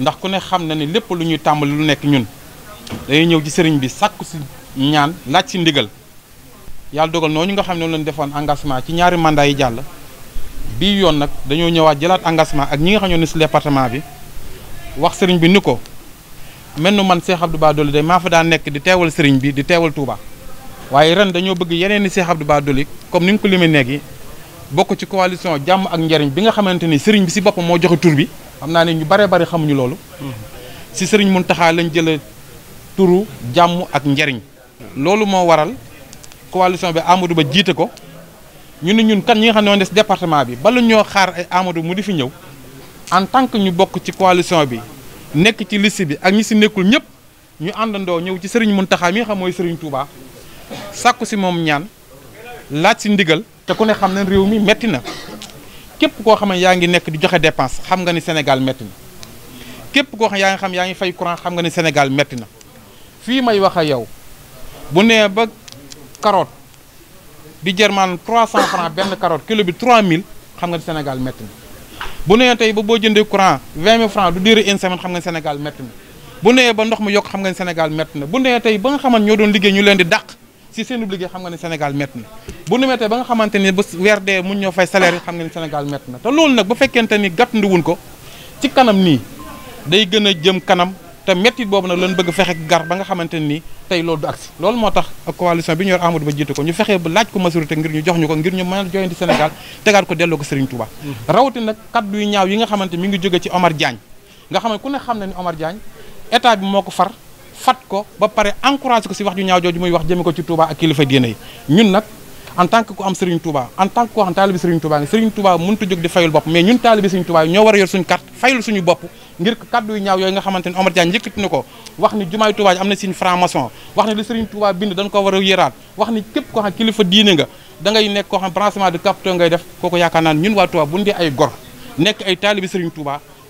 ndax ku ne xam na ne lépp lu ñuy tàmbali lu nekk ñun dañuy ñëw ci sëriñ bi sàkku si ñaan laaj si ndigal yàlla dogal noonu nga xam ne noonu lañ defoon engagement ci ñaari mandat yi jàll bii yoon nag dañoo ñëwaat jëlaat engagement ak ñi nga xam ne si département bi wax sëriñ bi ni ko mel nu man Cheikh Abdou Bara Dolly day maa fa daa nekk di teewal sëriñ bi di teewal Touba waaye ren dañoo bëgg yeneen i Cheikh Abdou Bara comme ni mu ko limee nekk yi bokk ci coalition jàmm ak njariñ bi nga xamante ni sëriñ bi si boppam moo joxe tur bi xam naa ne ñu bare bari xamuñu loolu si sëriñ taxaa lañ jëlee turu jàmm ak njariñ loolu moo waral coalition bi Amadou Ba jiite ko ñu ne ñun kan ñu nga xam ne ñoo des département bi bala ñoo xaar ay Amadou mu di fi ñëw en tant que ñu bokk ci coalition bi nekk ci list bi ak ñi si nekkul ñëpp ñu àndandoo ñëw ci sëriñ mun Muntaxa mi nga xam mooy sëriñ Touba sàkku si moom ñaan laaj si ndigal te ku ne xam na réew mi metti na képp koo xam ne yaa ngi nekk di joxe dépense xam nga ni Sénégal métti na képp koo yaa ngi xam yaa ngi fay courant xam nga ni Sénégal métti na fii may wax a yow bu nee ba carotte di jar maanaam 300 francs benn carotte kilo bi mille xam nga ni Sénégal métti na bu nee ba boo jëndee courant 20 000 francs du diir une semaine xam nga ni Sénégal métti na bu nee ba ndox mu yokk xam nga ni Sénégal métti na bu nee tey ba nga xamante ñoo doon liggéey ñu leen di dàq. si seen liggéey xam nga ni Sénégal métti na bu ñu méttee ba nga xamanteni bu weer dee mun ñoo fay salaire xam nga ni Sénégal métti na te lool nak bu ni gàttandu wuñ ko ci kanam ni day gëna jëm kanam te metti bobu nak lañ bëgg fexé gar ba nga xamanteni ni tey loolu du aksi lool motax tax coalition bi ñu yor Amadou Ba jiite ko ñu fexé bu laaj ko majorité ngir ñu jox ñu ko ngir ñu mën a joyanti Sénégal tegaat ko delloo ko Serigne Touba mm-hmm. rawati nak kaddu yu ñaaw yi nga xamanteni mi ngi joggé ci Omar Diagne nga xam ku ne ni Omar Diagne état bi moko far fat ko ba pare encouragé ko si wax ju ñaaw jooju ko ci Touba ak kilifa diine yi ñun nag en tant que ku am Serigne Touba en tant que ku xam taalibi Serigne Touba nga Serigne Touba mënut a jóg di fayul bopp mais ñun taalibi Serigne a yor ko wax ni jumaay Touba ji am a yëraat wax ni képp koo xam kilifa diine nga da koo xam branchement de capitaux ngay def kooku yaakaar naan ñun waa Touba bu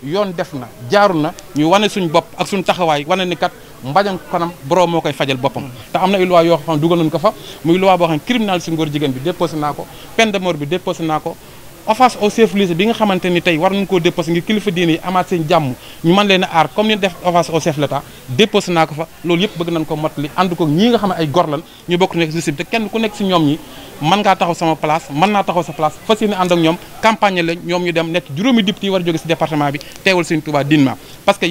yoon def na jaaru na ñu wane suñu bopp ak suñu taxawaay wane ni kat mbañam kanam borom moo koy fajal boppam te am na ay loi yoo xam dugal nañ ko fa muy loi boo xam criminal si ngóor jigéen bi déposé naa ko peine bi déposé naa ko offense au bi nga xamante ni tey war nañ koo déposé ngir kilifa diine yi amaat seen jàmm ñu mën leen a aar comme ni def offense au chef l'état déposé naa ko fa loolu yëpp bëgg nañ ko mottali ànd ko ñii nga xam ne ay gor lan a jóge si département bi teewal seen Touba dinement parce que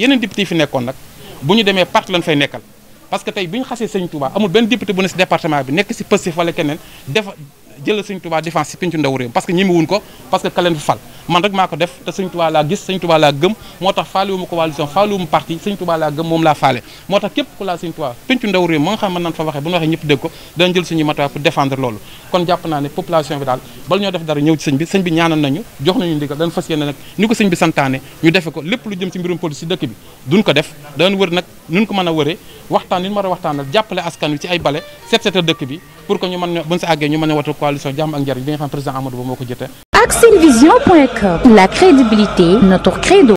fi nekkoon nag buñu démé demee parti lañ fay nekkal parce que tay buñu ñu xasee sëñ Touba amul ben député bu ne ci département bi nek ci Pastef wala keneen def jëlal jël suñu matuwaay pour défendre loolu kon jàpp naa ne population bi daal bala ñoo def dara ñëw ci bi sëñ bi ñaanal nañu jox nañu ndigal dañ fas yéene ni ko sëñ bi santaane ñu defe ko lépp lu jëm ci mbirum police ci dëkk bi duñ ko def dañ wër nag nun ko mën a wëree waxtaan li ñu war a jàppale askan wi ci ay bale set setal dëkk bi pour que ñu mën buñ sa àggee ñu mën a watu la crédibilité notre credo